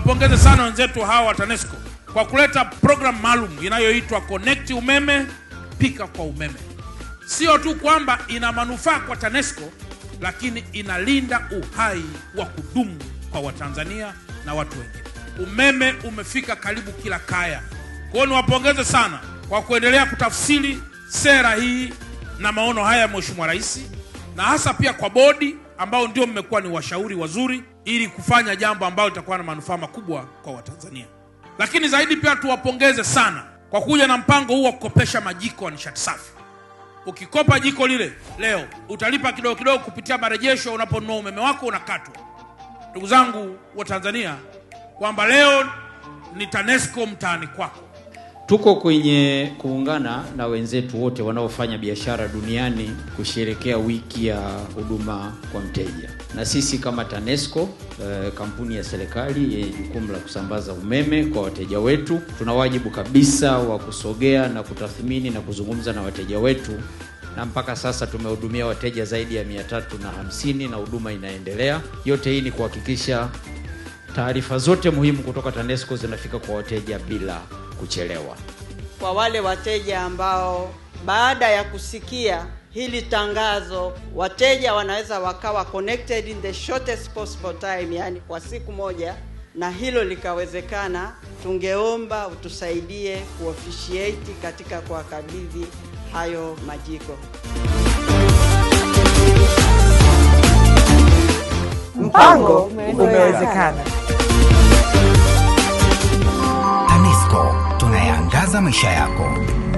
tuwapongeze sana wenzetu hawa wa TANESCO kwa kuleta programu maalum inayoitwa Connect Umeme Pika kwa Umeme. Sio tu kwamba ina manufaa kwa TANESCO, lakini inalinda uhai wa kudumu kwa Watanzania na watu wengine. Umeme umefika karibu kila kaya. Kwa hiyo niwapongeze sana kwa kuendelea kutafsiri sera hii na maono haya ya Mheshimiwa Rais, na hasa pia kwa bodi ambao ndio mmekuwa ni washauri wazuri ili kufanya jambo ambalo litakuwa na manufaa makubwa kwa Watanzania. Lakini zaidi pia tuwapongeze sana kwa kuja na mpango huu wa kukopesha majiko ya nishati safi. Ukikopa jiko lile leo utalipa kidogo kidogo kupitia marejesho, unaponunua umeme wako unakatwa. Ndugu zangu wa Tanzania, kwamba leo ni TANESCO mtaani kwako Tuko kwenye kuungana na wenzetu wote wanaofanya biashara duniani kusherekea wiki ya huduma kwa mteja, na sisi kama TANESCO eh, kampuni ya serikali yenye eh, jukumu la kusambaza umeme kwa wateja wetu, tuna wajibu kabisa wa kusogea na kutathmini na kuzungumza na wateja wetu, na mpaka sasa tumehudumia wateja zaidi ya mia na hamsini na huduma inaendelea. Yote hii ni kuhakikisha taarifa zote muhimu kutoka TANESCO zinafika kwa wateja bila kuchelewa. Kwa wale wateja ambao baada ya kusikia hili tangazo, wateja wanaweza wakawa connected in the shortest possible time, yani kwa siku moja, na hilo likawezekana, tungeomba utusaidie kuofficiate katika kuwakabidhi hayo majiko. Mpango umewezekana. आजम को